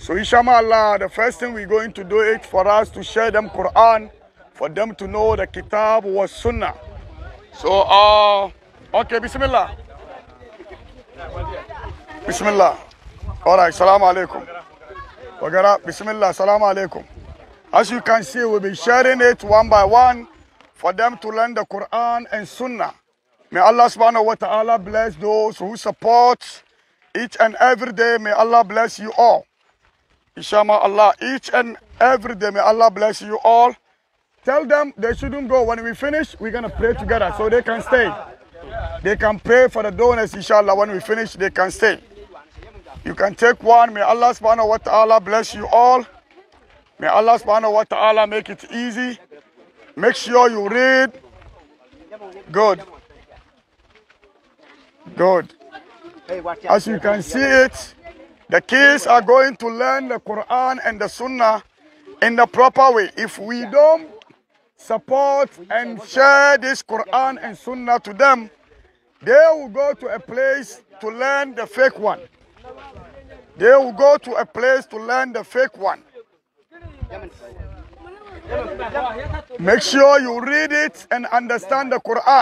So inshallah, the first thing we're going to do is for us to share them Quran, for them to know the kitab was sunnah. So, uh, okay, bismillah. Bismillah. All right, salam alaikum. Wagara, bismillah, salam alaikum. As you can see, we'll be sharing it one by one for them to learn the Quran and Sunnah. May Allah subhanahu wa ta'ala bless those who support each and every day. May Allah bless you all. Inshallah, Allah, each and every day, may Allah bless you all. Tell them they shouldn't go. When we finish, we're going to pray together so they can stay. They can pray for the donors, inshallah. When we finish, they can stay. You can take one. May Allah subhanahu wa ta'ala bless you all. May Allah subhanahu wa ta'ala make it easy. Make sure you read. Good. Good. As you can see it, the kids are going to learn the Quran and the Sunnah in the proper way. If we don't support and share this Quran and Sunnah to them, they will go to a place to learn the fake one. They will go to a place to learn the fake one. Make sure you read it and understand the Quran.